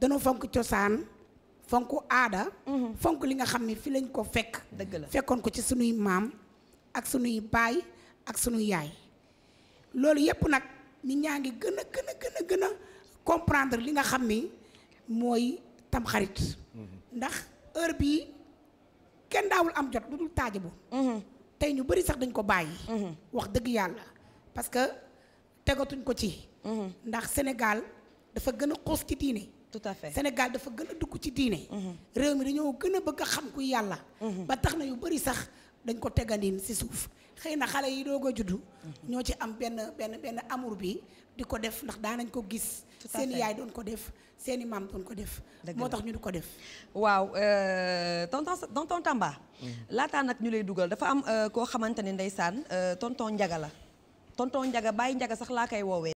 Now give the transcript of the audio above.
danoo fonk cosaan fonk aada mhm. fonk li nga xam ne fi lañ ko fekk dëgg la fekkoon ko ci suñuy maam ak suñuy baay ak sunu yaay loolu yépp nag nit ñaa ngi gën a gën a comprendre li nga xam ni mooy tamxarit mhm. ndax heure bi kenn daawul am jot lu dul taajabu mhm. tey ñu bari sax dañ ko bàyyi wax dëgg yàlla parce que tegatuñ ko ci ndax Sénégal dafa gën a xuus ci diine tout à fait Sénégal dafa gën a dugg ci diine. Mhm. réew mi dañoo gën a bëgg a xam ku yàlla. Mhm. ba tax na yu bari sax dañ ko tegandin si suuf xëy na xale yi doog a juddu. Mhm. ñoo ci am benn benn benn amour bi di ko def ndax daan nañ ko gis. seen yaay doon ko def seen maam doon ko def. moo tax ñu di ko def. waaw euh, tonton tonton Tamba. laataa nag ñu lay dugal dafa am euh, koo xamante ne ndeysaan euh, tonton Njaga la tonton Njaga bàyyi Njaga sax laa koy woowee.